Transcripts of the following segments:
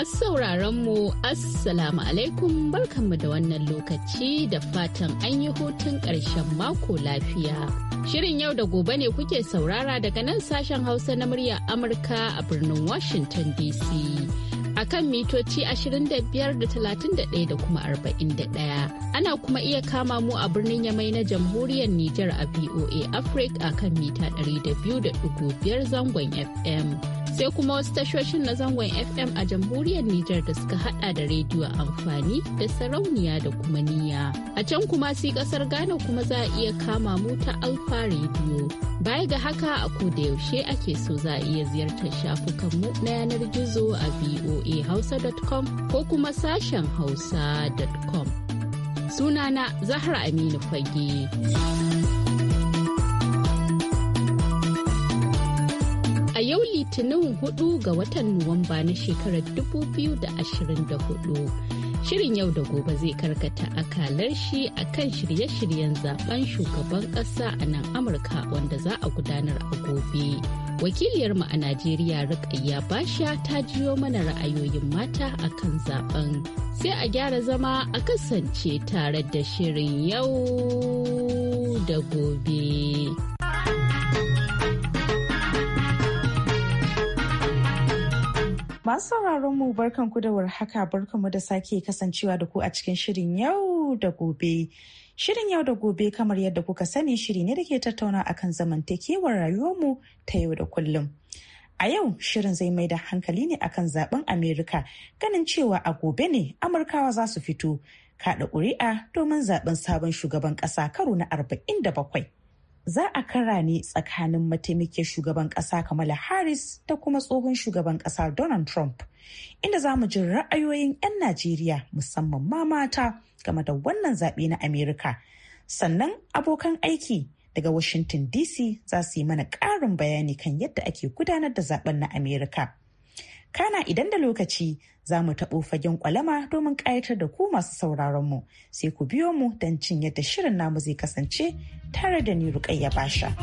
masu sauraron mu assalamu alaikum barkanmu da wannan lokaci da fatan an yi hutun ƙarshen mako lafiya. Shirin yau da gobe ne kuke saurara daga nan sashen Hausa na murya Amurka a birnin Washington DC. a kan mitoci 25.31 da kuma 41. Ana kuma iya kama mu a birnin Yamai na jamhuriyar Nijar a VOA Africa a kan mita 200.5 zangon FM. sai kuma wasu tashoshin na zangon FM a jamhuriyar Nijar da suka hada da rediyo amfani da sarauniya da kuma niya. A can kuma sai kasar Ghana kuma za a iya kama mu ta Alfa Radio. Baya ga haka a da yaushe ake so za a iya ziyartar shafukan mu na yanar gizo a voahausa.com ko kuma sashen hausa.com. Sunana Zahra Aminu Fage. a yau litinin hudu ga watan Nuwamba na shekarar 2024. Shirin yau da gobe zai karkata akalar shi a kan shirye-shiryen zaben shugaban ƙasa a nan Amurka wanda za a gudanar a gobe. Wakiliyarmu a Najeriya Rukayya Basha ta jiyo mana ra'ayoyin mata a kan zaben. Sai a gyara zama a kasance tare da shirin yau da gobe. Masu sauraron mu barkan ku da warhaka barkan mu da sake kasancewa da ku a cikin shirin yau da gobe. Shirin yau da gobe kamar yadda kuka sani shiri ne da ke tattauna akan zamantakewar rayuwarmu ta yau da kullum. A yau shirin zai mai da hankali ne akan zaben Amerika ganin cewa a gobe ne Amurkawa za su fito kaɗa ƙuri'a domin zaben sabon shugaban ƙasa karo na arba'in da bakwai. za a kara ne tsakanin mataimakiyar shugaban kasa Kamala Harris da kuma tsohon shugaban kasa Donald Trump. Inda za mu ji ra'ayoyin 'yan Najeriya musamman ma mata game da wannan zaɓe na Amerika. Sannan abokan aiki daga Washington DC za su yi mana ƙarin bayani kan yadda ake gudanar da zaben na Amerika. Kana idan da lokaci za mu taɓo fagen kwalama domin ƙayatar da ku masu sauraron mu sai ku biyo mu don cin yadda shirin namu zai kasance tare da ni Rukayya Basha.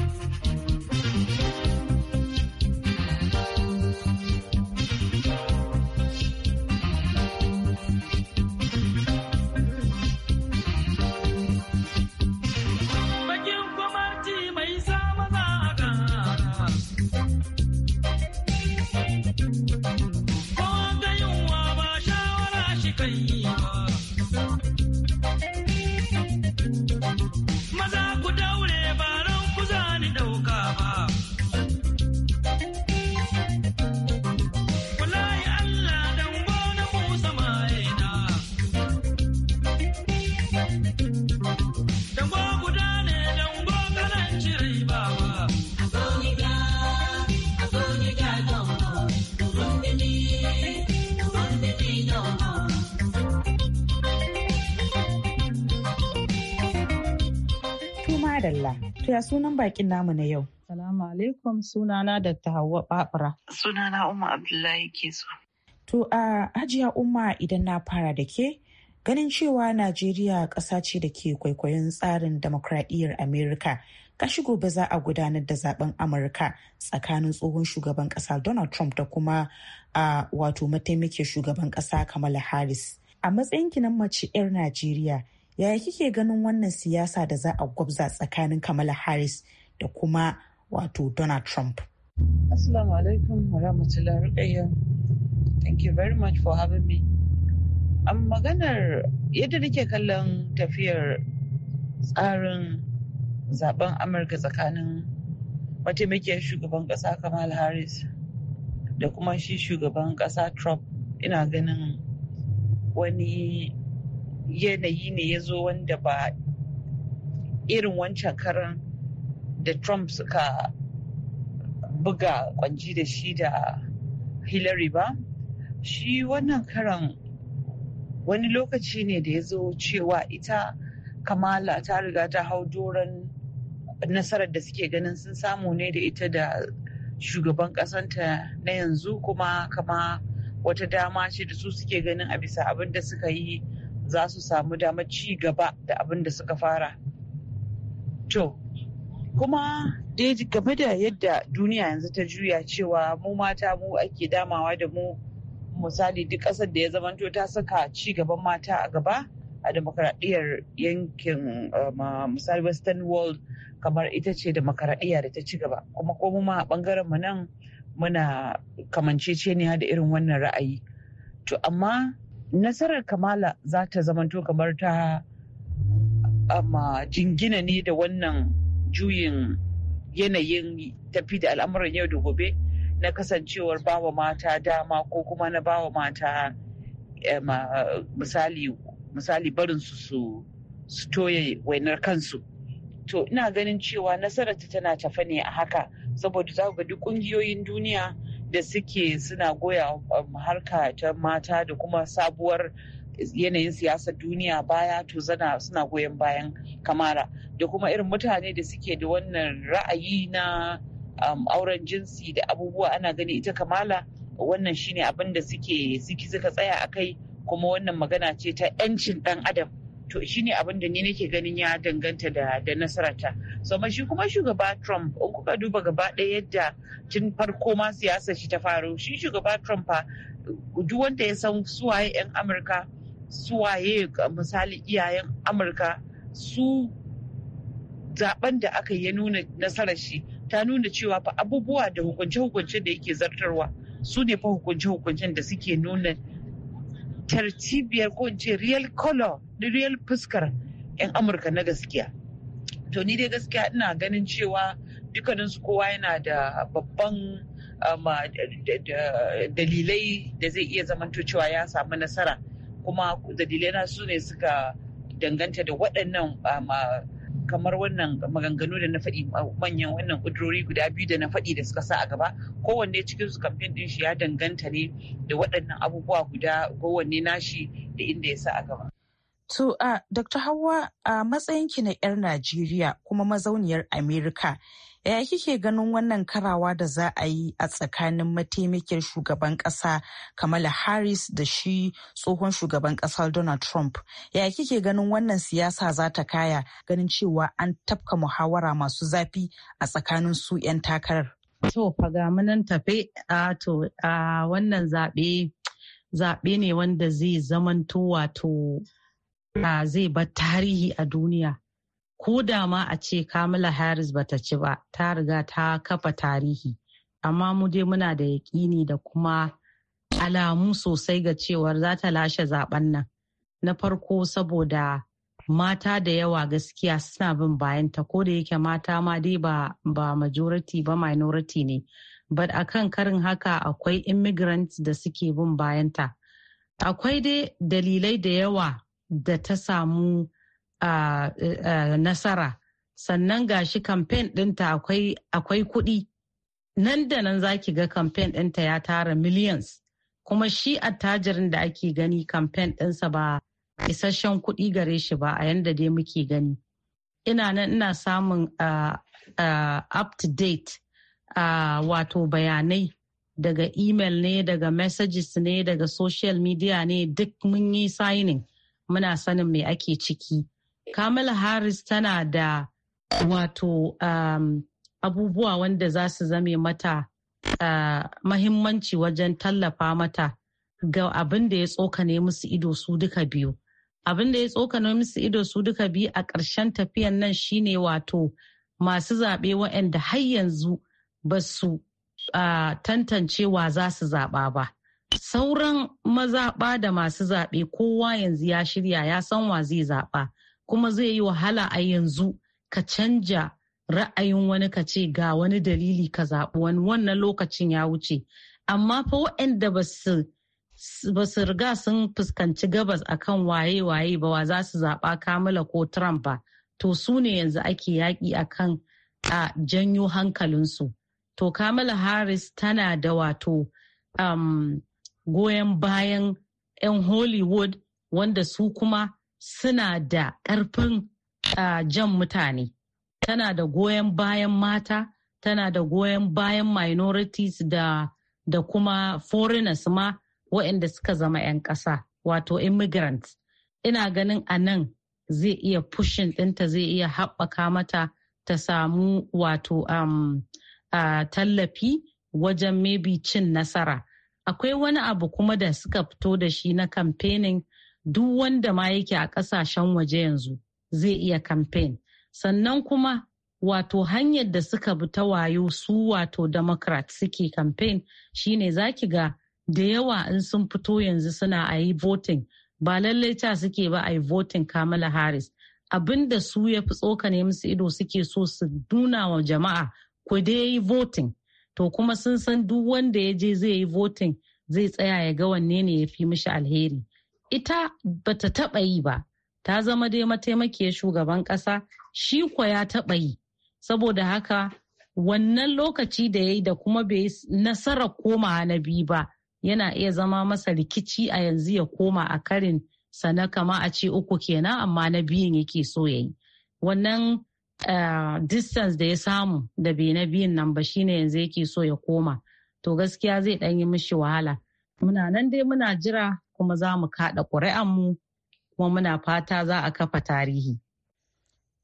To Dalla to ya sunan bakin namu na yau. Salamu alaikum sunana da ta Hauwa Babura. Sunana umar Abdullahi ke so. To a Hajiya Umma idan na fara da ke ganin cewa Najeriya ƙasa ce da ke kwaikwayon tsarin demokradiyyar Amerika. Kashi gobe za a gudanar da zaben Amurka tsakanin tsohon shugaban ƙasa Donald Trump da kuma a wato mataimake shugaban ƙasa Kamala Harris. A matsayin kinan mace 'yar Najeriya, Yaya kike ganin wannan siyasa da za a gwabza tsakanin Kamala Harris da kuma wato Donald Trump? Assalamu alaikum wa rahmatullahi rukayya. Thank you very much for having me. An maganar yadda nake kallon tafiyar tsarin zaben Amurka tsakanin mataimakiyar shugaban kasa Kamala Harris da kuma shi shugaban kasa Trump ina ganin wani yanayi ne ya zo wanda ba irin wancan karan da trump suka buga kwanji da shi da hillary ba shi wannan karan wani lokaci ne da ya zo cewa ita kamala ta riga ta hau doron nasarar da suke ganin sun samu ne da ita da shugaban kasanta na yanzu kuma kama wata dama ce da su suke ganin a bisa abin da suka yi za su samu damar ci gaba da abin da suka fara to kuma dai game da yadda duniya yanzu ta juya cewa mu mata mu ake damawa da mu misali duk ƙasar da ya zamanto ta saka ci gaban mata a gaba a demokaradiyyar yankin eh, misali western world kamar ita ce demokaradiyya da ta ci gaba kuma ko ma a bangaren mu nan muna kamanceceniya da irin wannan ra'ayi to amma nasarar kamala za ta zamanto kamar ta amma jingina ne da wannan juyin yanayin tafi da al'amuran yau da gobe na kasancewar bawa mata dama ko kuma na bawa mata ah, misali barin su su toye wainar kansu to ina ganin cewa nasarar ta tana tafa ne a haka saboda za ga duk ƙungiyoyin duniya da suke suna goya um, harka ta mata da kuma sabuwar yanayin siyasa duniya baya to zana suna goyon bayan kamara da kuma irin mutane da suke da wannan ra'ayi na um, auren jinsi da abubuwa ana gani ita kamala wannan shine abin da suke suka tsaya a kai kuma wannan magana ce ta 'yancin dan adam to shine abin da ni nake ganin ya danganta da da nasarata so shi kuma shugaba Trump in kuka duba gaba ɗaya yadda tun farko ma siyasar shi ta faru? shi shugaba Trump fa duk wanda ya san suwaye 'yan Amurka suwaye misali iyayen Amurka su zaben da aka ya nuna nasarar shi ta nuna cewa fa abubuwa da hukunce-hukunce da yake zartarwa su ne fa hukunce-hukuncen da suke nuna tartibiyar ko ce real color da real fuskar 'yan amurka na gaskiya to ni dai gaskiya ina ganin cewa su kowa yana da babban um, dalilai da zai iya to cewa ya samu nasara kuma dalilai na su ne suka danganta da waɗannan um, kamar wannan maganganu da na faɗi manyan wannan ƙudurori guda biyu da na faɗi da suka sa a gaba kowanne cikin su kamfen ɗin shi ya danganta ne da waɗannan abubuwa guda kowanne nashi da inda ya sa a gaba. To, uh, Dr. Hauwa a uh, matsayinki na 'yar Najeriya kuma mazauniyar Amerika, yaya kike ganin wannan karawa da za a yi a tsakanin mataimakin shugaban ƙasa Kamala Harris da shi tsohon shugaban ƙasa Donald Trump? Yaya kike ganin wannan siyasa za ta kaya ganin cewa an tafka muhawara masu zafi a tsakanin su 'yan takarar? To, tafe, a to, wannan zaɓe zaɓe ne wanda zai zamanto wato na zai bar tarihi a duniya ko da ma a ce kamala harris bata ci ba ta riga ta kafa tarihi amma mu dai muna da yaƙini da kuma alamu sosai ga cewar za ta lashe zaben nan na farko saboda mata da yawa gaskiya suna bin bayanta ko da yake mata ma dai ba ba majority ba minority ne but akan karin haka akwai immigrants da suke bin bayanta akwai dai dalilai da yawa da ta samu nasara sannan ga shi kamfen ɗinta akwai kuɗi nan da nan za ki ga kamfen ɗinta ya tara millions kuma shi attajirin da ake gani kamfen ɗinsa ba isasshen kuɗi gare shi ba a yanda dai muke gani ina nan ina samun up to date wato bayanai daga email ne daga messages ne daga social media ne duk mun yi signing muna sanin mai ake ciki kamala harris tana da wato um, abubuwa wanda za su zame mata uh, mahimmanci wajen tallafa mata ga abin da ya tsokane musu ido su duka biyu abin da ya tsokane musu ido su duka biyu a ƙarshen tafiyan nan shine wato masu zaɓe waɗanda har yanzu ba su uh, tantancewa za su zaɓa ba sauran mazaɓa da masu zaɓe kowa yanzu ya shirya ya san wa zai zaɓa kuma zai yi wahala a yanzu ka canja ra'ayin wani ka ce ga wani dalili ka zaɓi wani wannan lokacin ya wuce amma fa waɗanda ba su riga sun fuskanci gabas akan waye-waye ba wa za su zaɓa kamala ko trump ba to su ne yanzu ake yaƙi akan a janyo hankalinsu to kamala harris tana da wato um, goyon bayan 'yan hollywood wanda su kuma suna da ƙarfin uh, jan mutane tana da goyon bayan mata tana da goyon bayan minorities da, da kuma foreigners ma waɗanda suka zama 'yan ƙasa wato immigrants ina ganin a nan zai iya pushin ɗinta zai iya haɓaka mata ta samu wato um, uh, tallafi wajen maybe cin nasara akwai wani abu kuma da suka fito da shi na kamfenin duk wanda ma yake a kasashen waje yanzu zai iya kamfen sannan kuma wato hanyar da suka bi ta wayo su wato democrat suke kamfen shine ki ga da yawa in sun fito yanzu suna a yi voting ba lallai ta suke ba a yi voting kamala harris abin da su ya fi tsokane musu ido suke so su nuna wa jama'a ku dai yi voting to kuma sun san duk wanda ya je zai yi voting zai tsaya ya ga wanne ne ya fi mishi alheri ita ba ta taɓa yi ba ta zama dai mataimakiyar shugaban ƙasa shi kwa ya taɓa yi saboda haka wannan lokaci da ya yi da kuma bai nasara koma na biyu ba yana iya zama masa rikici a yanzu ya koma a karin sana kama a ce uku kenan amma na biyun yake so ya yi wannan Eh, distance da ya samu da bai na biyun nan ba shine yanzu yake so ya koma to gaskiya zai ɗan yi mishi wahala muna nan dai muna jira kuma za mu kaɗa mu kuma muna fata za a kafa tarihi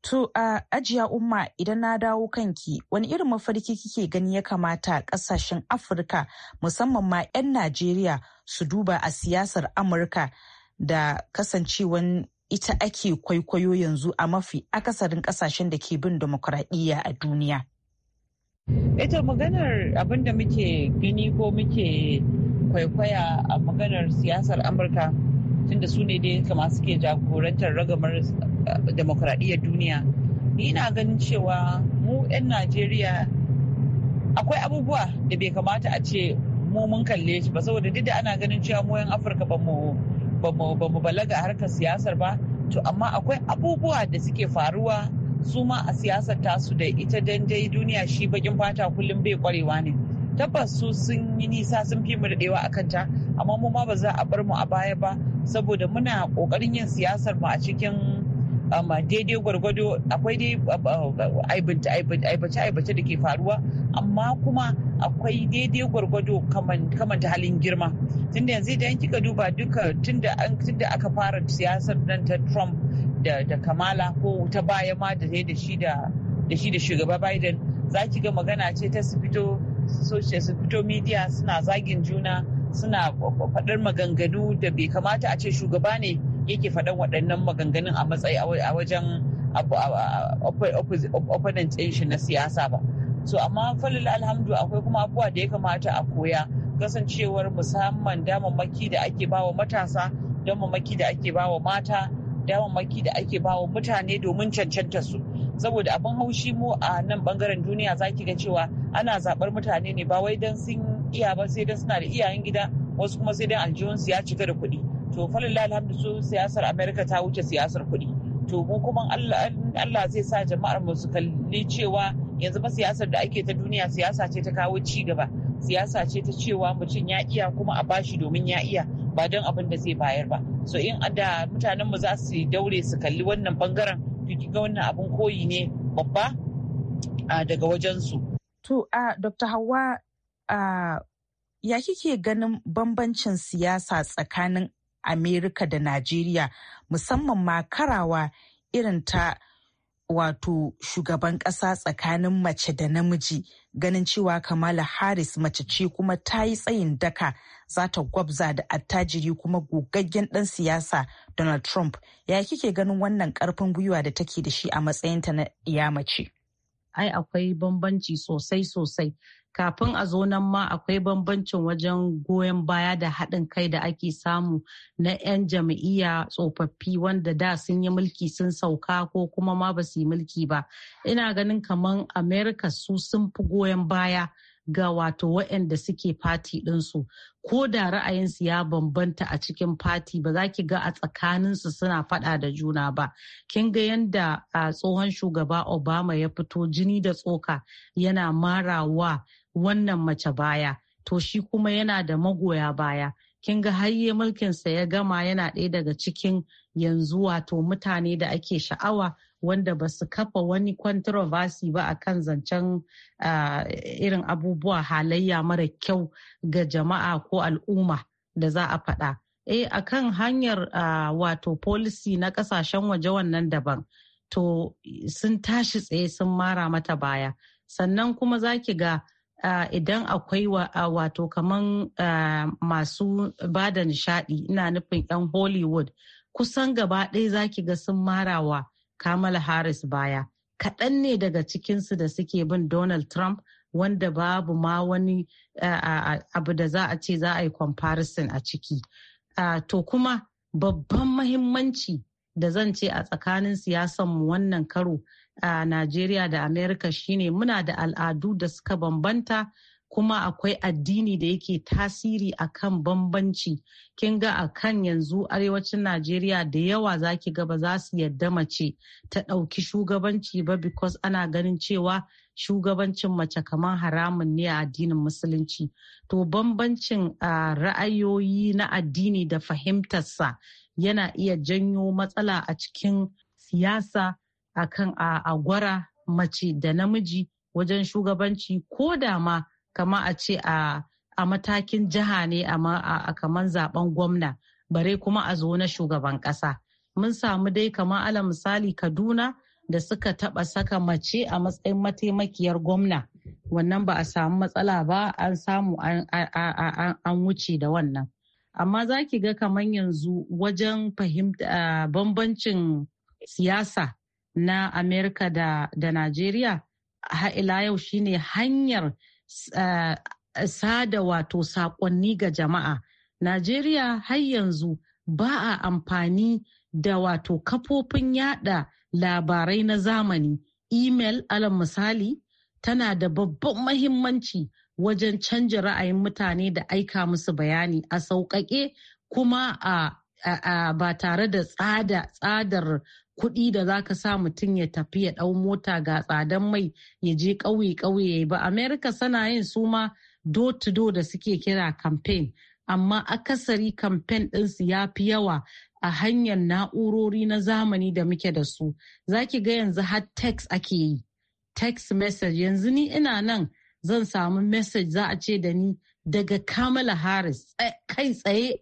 To a uh, ajiya umma idan na dawo kanki wani irin mafarki kike gani ya kamata kasashen Afirka musamman ma 'yan Najeriya su duba a siyasar Amurka da kasancewan ita ake kwaikwayo yanzu a mafi akasarin kasashen da ke bin demokuraɗiyya a duniya. Ita maganar abin da muke gani ko muke kwaikwaya a maganar siyasar Amurka tunda su ne dai kama suke jagorantar ragamar eh, demokuraɗiyyar duniya. Ni na ganin cewa mu 'yan Najeriya akwai abubuwa da bai kamata a ce mu mun kalle shi ba saboda duk da ana ganin cewa mu 'yan Afirka ba mu ba mu balaga harkar siyasar ba to amma akwai abubuwa da suke faruwa su ma a siyasar tasu da ita dandai duniya shi bakin fata kullum bai kwarewa ne tabbas su sun yi nisa sun fi mu daɗewa a kanta amma mu ma ba za a bar mu a baya ba saboda muna ƙoƙarin yin siyasar mu a cikin amma daidai gwargwado akwai dai aibace aibace da ke faruwa amma kuma akwai daidai gwargwado kamanta halin girma tunda yanzu idan kika duba duka tunda aka fara siyasar nan ta trump da kamala ko ta baya ma da da shi da shi da shugaba biden za ki ga magana ce ta su fito social su fito media suna zagin juna suna faɗar maganganu da bai kamata a ce shugaba ne yake faɗan waɗannan maganganun a matsayi a wajen opponent shi na siyasa ba so amma falil alhamdu akwai kuma abubuwa da ya kamata a koya kasancewar musamman damammaki da ake bawa matasa damammaki da ake bawa mata damammaki da ake bawa mutane domin cancanta su saboda abin haushi mu a nan bangaren duniya zaki ga cewa ana zaɓar mutane ne ba wai don sun iya ba sai don suna da iyayen gida wasu kuma sai don aljihunsu ya cika da kuɗi to falilla alhamdu su siyasar america ta wuce siyasar kuɗi to mu kuma allah zai sa jama'ar mu su kalli cewa yanzu ba siyasar da ake ta duniya siyasa ce ta kawo ci gaba siyasa ce ta cewa mutum ya iya kuma a bashi domin ya iya ba don abin da zai bayar ba so in da mutanen mu za su daure su kalli wannan bangaren to ga wannan abin koyi ne babba daga wajen su to a dr hawa ya kike ganin bambancin siyasa tsakanin Amerika da Najeriya musamman ma karawa irin ta wato shugaban ƙasa tsakanin mace da namiji ganin cewa Kamala Harris mace ce kuma ta yi tsayin daka za ta gwabza da attajiri kuma gogaggen ɗan siyasa Donald Trump. Ya kike ganin wannan ƙarfin gwiwa da take da shi a matsayinta na iya mace? Ai akwai bambanci sosai sosai kafin a zo nan ma akwai bambancin wajen goyon baya da haɗin kai da ake samu na 'yan jam'iyya tsofaffi wanda da sun yi mulki sun sauka ko kuma ma ba su yi mulki ba ina ganin kamar america su sun fi goyon baya ga wato waɗanda suke fati ɗinsu ko da ra'ayinsu ya bambanta a cikin fati ba za ki ga a tsakaninsu suna faɗa da juna ba kin ga yadda a tsohon shugaba obama ya fito jini da tsoka yana marawa wannan mace baya to shi kuma yana da magoya baya kin ga hayye mulkinsa ya gama yana ɗaya daga cikin yanzu wato mutane da ake sha'awa wanda ba su kafa wani controversy ba a kan zancen irin abubuwa halayya mara kyau ga jama'a ko al'umma da za a faɗa. Eh a kan hanyar wato policy na ƙasashen waje wannan daban to sun tashi tsaye sun mara mata baya sannan kuma za ki ga idan akwai wato kaman masu da nishadi ina nufin 'yan hollywood kusan gaba ɗaya zaki ga sun marawa kamala harris baya kaɗan ne daga cikinsu da suke bin donald trump wanda babu ma wani abu da za a ce za a yi comparison a ciki to kuma babban mahimmanci da zan ce a tsakanin siyasanmu wannan karo a Najeriya da Amerika shine muna da al'adu da suka bambanta kuma akwai addini da yake tasiri a kan bambanci kin ga a kan yanzu arewacin najeriya da yawa zaki ga ba za su yadda mace ta ɗauki shugabanci ba because ana ganin cewa shugabancin mace kamar haramun ne a addinin musulunci to bambancin ra'ayoyi na addini da fahimtarsa yana iya janyo matsala a cikin siyasa akan a gwara mace da namiji wajen shugabanci ko da ma kama a ce a matakin jiha ne a kaman zaben gwamna bare kuma a zo na shugaban kasa mun samu dai kama ala misali kaduna da suka taba saka mace a matsayin mataimakiyar gwamna wannan ba a samu matsala ba an samu an wuce da wannan amma za ki ga kamar yanzu wajen fahimta bambancin siyasa na Amerika da, da Najeriya haila yau shine hanyar uh, sada wato sakonni ga jama'a. Najeriya har yanzu ba a amfani da wato kafofin yada labarai na zamani email alal misali tana da babban mahimmanci wajen canja ra'ayin mutane da aika musu bayani a sauƙaƙe kuma a ba tare da tsada tsadar kuɗi da za ka sa mutum ya tafi ya ɗau mota ga tsadan mai ya je ƙauye-ƙauye ba. Amerika sana yin su ma do-to-do da suke kira campaign, amma akasari campaign ɗinsu ya fi yawa a hanyar na'urori na zamani da muke da su. Za ki ga yanzu har text ake yi, text message yanzu ni ina nan zan samu message za a ce da ni daga Kamala Harris eh, kai tsaye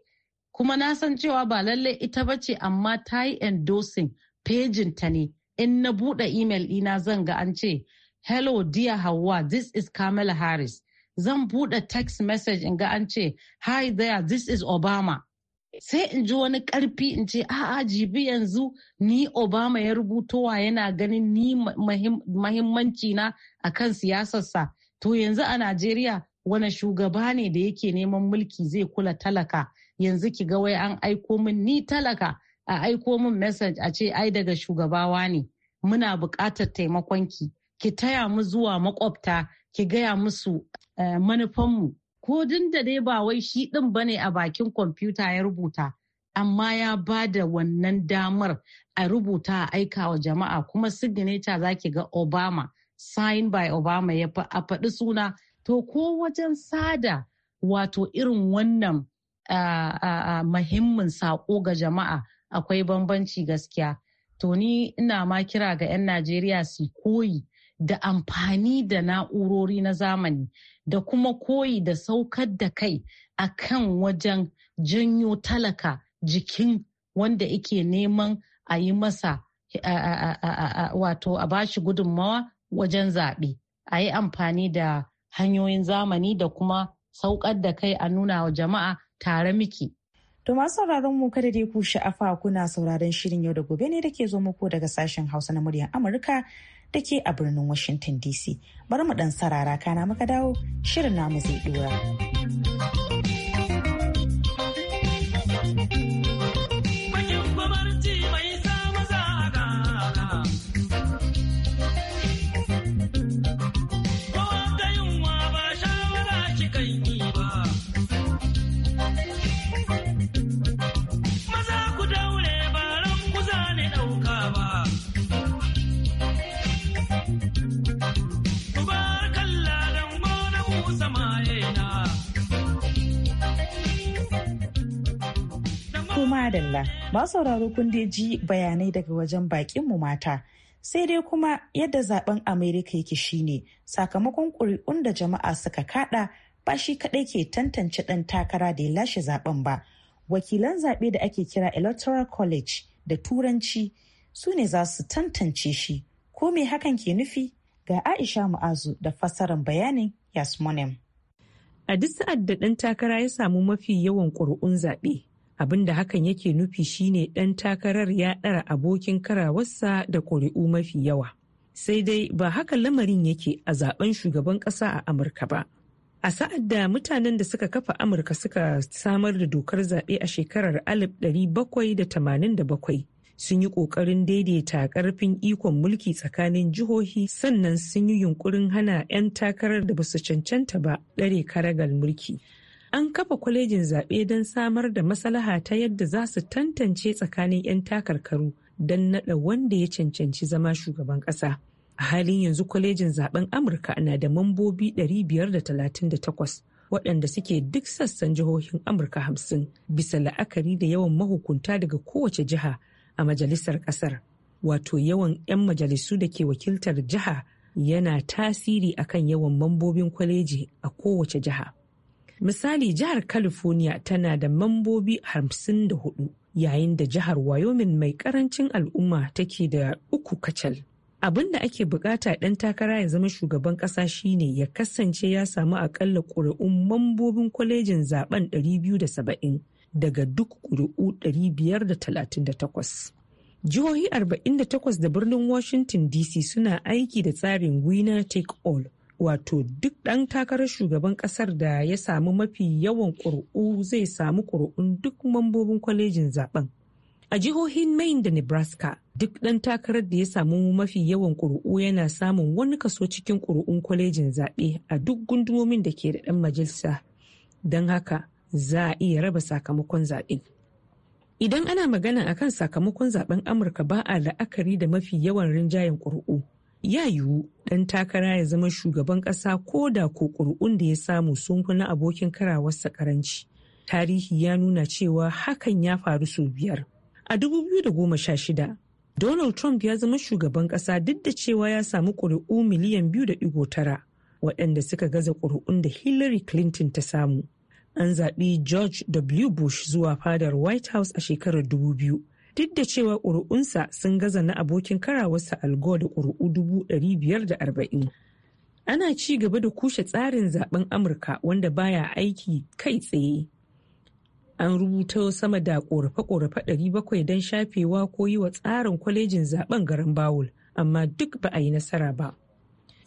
kuma na san cewa ba lallai ita ba ce amma ta yi endorsing pejin ta ne in na buɗe email ɗina zan ga an ce hello dear hawa this is kamala harris zan buɗe text message in ga an ce hi there this is obama sai in ji wani karfi in ce a'a jibi yanzu ni obama ya rubutowa yana ganin ni mahimmanci na a akan siyasarsa to yanzu a najeriya wani shugaba ne da yake neman mulki zai kula talaka yanzu ki ga wai an aiko min ni talaka a aiko min message a ce ai daga shugabawa ne muna buƙatar taimakon ki ki taya mu zuwa makwabta ki gaya musu eh, manufanmu ko din da dai ba wai shi din bane a bakin kwamfuta ya rubuta amma ya ba da wannan damar a rubuta a aika wa jama'a kuma signature za ki ga obama sign by obama ya a faɗi suna to ko wajen sada wato irin wannan muhimmin saƙo ga jama'a akwai bambanci gaskiya. To ni ina ma kira ga 'yan Najeriya su koyi da amfani da na'urori na zamani da kuma koyi da saukar da kai a kan wajen janyo talaka jikin wanda ike neman a yi masa wato a bashi gudunmawa wajen zaɓe a yi amfani da hanyoyin zamani da kuma saukar da kai a nuna wa jama'a tare miki. To masu sauraron mu kada dai ku sha'afa kuna sauraron shirin yau da gobe ne dake zo muku daga sashen Hausa na muryar Amurka da a birnin Washington DC. Bari mu dan sarara kana muka dawo shirin namu zai dora. madalla ba sauraro kun dai ji bayanai daga wajen bakinmu mata sai dai kuma yadda zaben amerika yake shine sakamakon ƙuri'un da jama'a suka kada ba shi kadai ke tantance dan takara da ya lashe zaben ba wakilan zaɓe da ake kira electoral college da turanci su ne za su tantance shi ko me hakan ke nufi ga aisha mu'azu da fassarar bayanin yasmonem a duk sa'ad da ɗan takara ya samu mafi yawan ƙuri'un zaɓe abin da hakan yake nufi shine ɗan takarar ya ɗara abokin karawarsa da ƙuri'u mafi yawa sai dai ba haka lamarin yake a zaben shugaban ƙasa a amurka ba a sa'ad da mutanen da suka kafa amurka suka samar da dokar zaɓe a shekarar ɗari bakwai da da tamanin bakwai sun yi ƙoƙarin daidaita ƙarfin ikon mulki tsakanin jihohi sannan sun yi yunkurin hana 'yan takarar da ba su cancanta ba ɗare karagar mulki an kafa kwalejin zaɓe don samar da maslaha ta yadda za su tantance tsakanin 'yan takarkaru don naɗa wanda ya cancanci zama shugaban ƙasa. A halin yanzu kwalejin zaben Amurka na da mambobi 538 waɗanda suke duk sassan jihohin Amurka 50 bisa la'akari da yawan mahukunta daga kowace jiha a majalisar ƙasar. Wato yawan 'yan majalisu da ke wakiltar jiha yana tasiri akan yawan mambobin kwaleji a kowace jiha. Misali jihar California tana da mambobi 54 yayin da jihar Wyoming mai karancin al'umma take da uku kacal. Abin da ake bukata ɗan takara ya zama shugaban ƙasa shine ya kasance ya samu akalla ƙuri'un mambobin kwalejin zaben 270 daga duk ƙuri'u 538. Jihohi 48 da birnin Washington DC suna aiki da tsarin winner take all. wato duk ɗan takarar shugaban ƙasar da ya samu mafi yawan ƙuri'u zai samu ƙuri'un duk mambobin kwalejin zaben. A jihohin Main da Nebraska, duk ɗan takarar da ya samu mafi yawan ƙuri'u yana samun wani kaso cikin ƙuri'un kwalejin zaɓe a duk gundumomin da ke da ɗan majalisa. Don haka, za a iya raba sakamakon zaɓe. Idan ana magana akan sakamakon zaɓen Amurka ba a la'akari da mafi yawan rinjayen ƙuri'u. ya yiwu ɗan takara ya zama shugaban ƙasa ko da ko ƙuri'un da ya samu sun fi na abokin karawarsa karanci. Tarihi ya nuna cewa hakan ya faru sau biyar. A 2016, Donald Trump ya zama shugaban ƙasa duk da cewa ya samu ƙuri'u miliyan biyu da tara waɗanda suka gaza ƙuri'un da Hillary Clinton ta samu. An zaɓi George W. Bush zuwa fadar White House a shekarar 2000 duk da cewa ƙuri'unsa sun gaza na abokin karawarsa algo da ƙuri'u dubu ɗari biyar da arba'in ana ci gaba da kushe tsarin zaben amurka wanda baya aiki kai tsaye an rubuta sama da ƙorafe-ƙorafe bakwai don shafewa ko yi wa tsarin kwalejin zaben garin bawul amma duk ba a yi nasara ba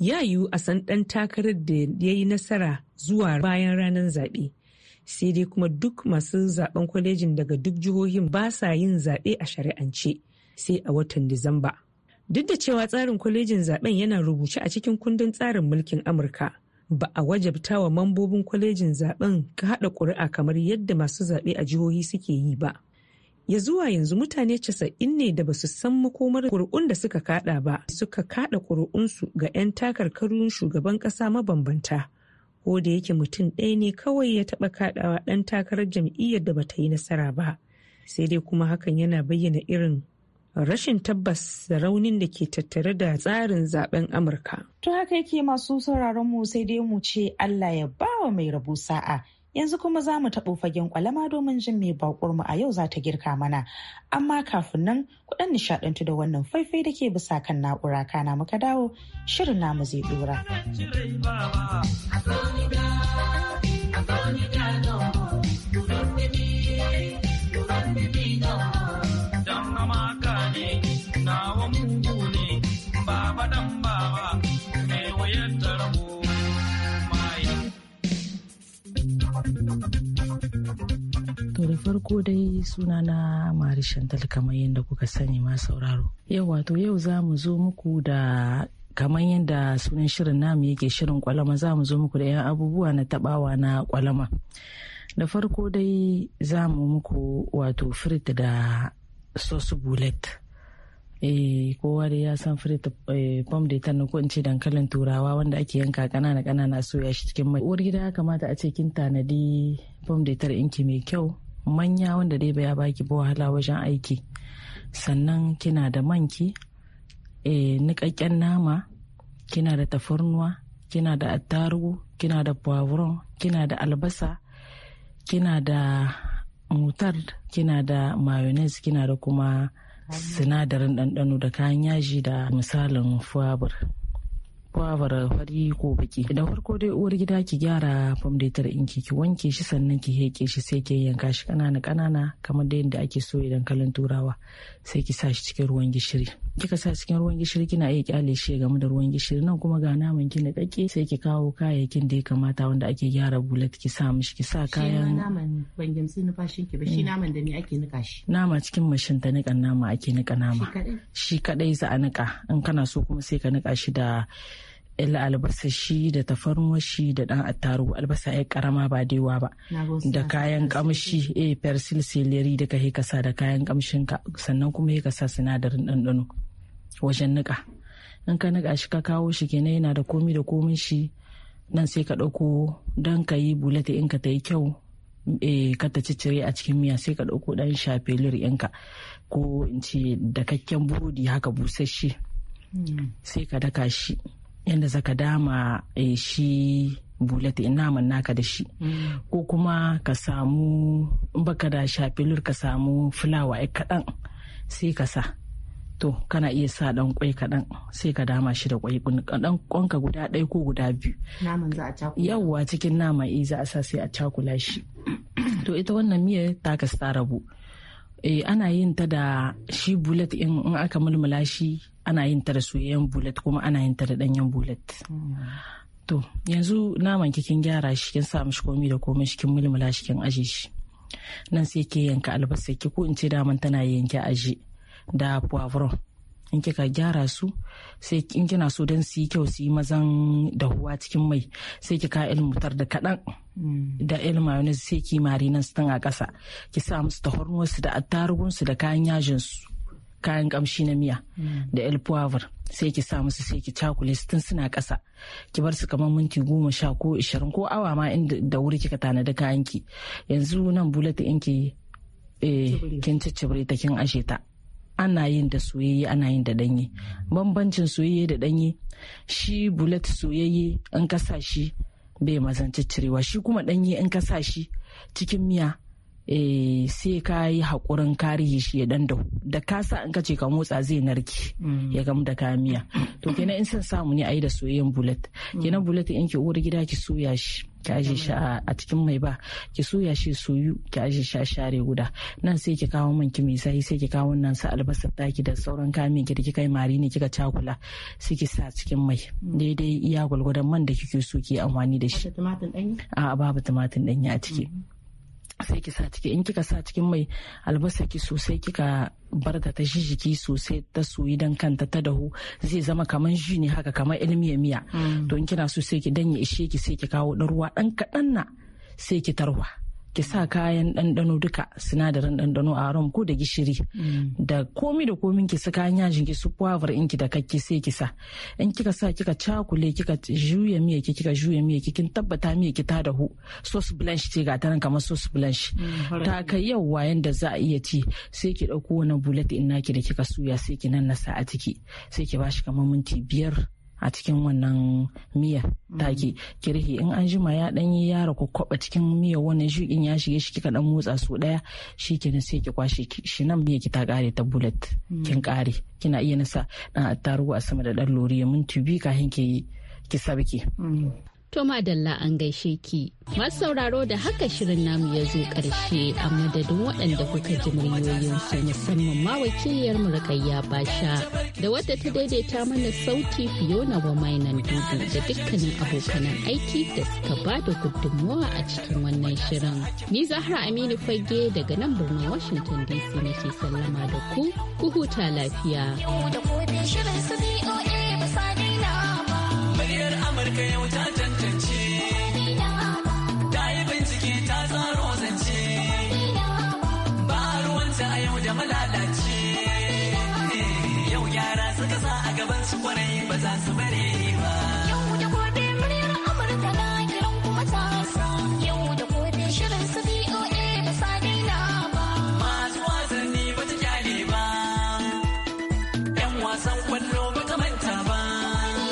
ya yiwu a san ɗan takarar da ya yi nasara zuwa bayan ranar zaɓe sai dai kuma duk masu zaben kwalejin daga duk jihohin ba sa yin zaɓe a shari'ance sai a watan disamba duk da cewa tsarin kwalejin zaben yana rubuce a cikin kundin tsarin mulkin amurka ba a wajabta wa mambobin kwalejin zaben ka haɗa ƙuri'a kamar yadda masu zaɓe a jihohi suke yi ba ya zuwa yanzu mutane casa'in ne da basu san makomar ƙuri'un da suka kaɗa ba suka kaɗa ƙuri'unsu ga 'yan takarkarun shugaban ƙasa mabambanta ko da yake mutum ɗaya ne kawai ya taɓa kaɗawa ɗan takarar jam'iyyar da bata yi nasara ba sai dai kuma hakan yana bayyana irin rashin tabbas da raunin da ke tattare da tsarin zaben amurka to haka yake masu sauraron mu sai dai mu ce allah ya bawa mai rabu sa'a Yanzu kuma za mu taɓo fagen kwalama domin jin mai baƙurmu a yau za ta girka mana. Amma kafin nan kuɗan nishaɗantu da wannan faifai da ke bisa kan na'ura kana muka dawo shirin namu zai ɗora. da farko dai suna na Marishan kamar yadda kuka sani ma sauraro. Yau wato yau za mu zo muku da kamar yadda sunan shirin namu yake shirin kwalama za mu zo muku da 'yan abubuwa na tabawa na kwalama. Da farko dai za mu muku wato frit da sosu bullet. eh kowa da ya san frit eh, pom da na nuku in ce dankalin turawa wanda ake yanka kanana kanana soya shi cikin mai uwar gida kamata a ce kin tanadi pom da inki mai kyau manya wanda dai ya baki ba wahala wajen aiki sannan kina da manki e, eh, nikakken nama kina da tafarnuwa kina da attarugu kina da poivron kina da albasa kina da motar kina da mayonnaise kina da kuma sinadarin ɗanɗano da kayan yaji da misalin fuwabur kwabara fari ko baki da farko dai uwar gida ki gyara famdetar in ki wanke shi sannan ki heke shi sai ki yanka shi kanana kanana kamar da yadda ake so dankalin turawa sai ki sa shi cikin ruwan gishiri kika sa cikin ruwan gishiri kina iya kyale shi ya gamu da ruwan gishiri nan kuma ga naman ki dake sai ki kawo kayayyakin da ya kamata wanda ake gyara bulat ki sa mishi ki sa kayan naman ban gamsu numfashin ki ba shi mm. naman da ake nika shi nama cikin mashin ta nika nama ake nika nama shi kadai za a nika in kana so kuma sai ka nika shi da ila albasa shi da tafarnuwa shi da dan attarugu albasa ya karama ba daiwa ba da kayan kamshi a eh, persil celery da ka sa da kayan kamshinka ka sannan kuma ka sa sinadarin ɗanɗano wajen niƙa in ka niƙa shi ka kawo shi kenan yana da komi da komin shi nan sai ka ɗauko don ka yi bulata in ka ta yi kyau eh, ka ta ciccire a cikin miya sai ka ɗauko ɗan shafelir ka ko in ce dakakken burodi haka busasshe mm. sai ka daka shi yadda zaka dama eh, shi bulata in naman naka da shi mm. ko kuma ka samu baka da shafelir ka samu fulawa kaɗan sai ka sa to kana iya sa dan kwai kaɗan sai ka dama shi da kwai kadan kwanka guda ɗaya ko guda biyu naman yawwa cikin nama eh za a sa sai a cakula shi to ita wannan miya ta ka rabu eh ana yin ta da shi bullet in aka mulmula shi ana yin ta da soyayyen bullet kuma ana yin ta da danyen bullet hmm. to yanzu naman kikin gyara shi kin sa mishi komi da komai shi kin mulmula shi kin aje shi nan sai ke yanka albasa ki ko in ce daman tana yanke aje da poivron in kika gyara su sai in kina so don su yi kyau su yi mazan dahuwa cikin mai sai kika ilmutar da kaɗan mm. da il mayonnaise sai ki marinan su a ƙasa ki sa musu ta su da attarugun su da kayan yajin su kayan kamshi na miya mm. da el poivre sai ki sa musu sai ki cakule su tun suna ƙasa ki bar su kamar minti goma sha ko ishirin ko awa ma inda da wuri kika tanadi kayan ki yanzu nan bulletin in ki eh, kin ta kin ashe ta ana yin da soyayye ana yin da danyi bambancin soyayye da danyi shi bulet soyayye in kasashi sa shi bai mazan ciccirewa shi kuma danyi in ka shi cikin miya Eh, sai ka yi haƙurin karihi shi ya dandau da ka sa in ka ce ka motsa zai narke mm. ya gamu da kamiya miya to kenan in san samu ne a yi da soyayyen bulet mm. kenan bulet in ki uwar gida ki soya shi ki aje shi a cikin mai ba ki soya shi soyu ki aje shi a share guda nan sai ki kawo man ki mai sai sai ki kawo nan sa albasar taki da sauran kamin ki da kika yi mari ne kika cakula sai ki sa cikin mai mm. daidai iya gwalgwadon man da kike so ki amfani da shi a babu tumatir danyi a ciki sai ki sa ciki in kika sa cikin mai albasa ki sosai kika bar ta ta jijiki sosai ta soyi dan kanta ta dahu zai zama kamar ji ne haka kamar ilmiya miya mm. to in kina so sai ki danye ishe ki sai ki kawo ɗan ruwa ɗan kaɗan na sai ki tarwa ki sa kayan ɗanɗano duka sinadarin ɗanɗano a rom ko da gishiri mm. da komi da komin ki su kayan yajin ki su puwavar in ki da kakki sai ki sa in kika sa kika cakule kika juya miya ki kika juya miya ki kin tabbata miya ki ta dahu sauce blanche ce ga taran kamar sauce blanche mm, ta kai yau wayan da za a iya ci sai ki ɗauko wani bulet in naki da kika suya sai ki nannasa a ciki sai ki bashi kamar minti biyar a cikin wannan miya ta ke rihe in an jima ya dan yi yara kwakkwaba cikin miya wannan shukin ya shige shi kika dan motsa su daya shi kenan sai ki kwashe shi nan miya ki ta kare ta bullet mm-hmm. kin kare kina iya nasa dan attarugu a sama da dan loriya minti biyu kafin ki ki sabki mm-hmm. To Madalla an gaishe ki. Masu sauraro da haka shirin namu ya zo ƙarshe a madadin waɗanda kuka ji su musamman ma wakiliyar ba Basha da wadda ta daidaita mana sauti Fiona wa mainan dubu da dukkanin abokanan aiki da suka ba da gudunmuwa a cikin wannan shirin. Ni Zahra Aminu Fage daga nan birnin Washington DC nake sallama da ku, ku huta lafiya. yau a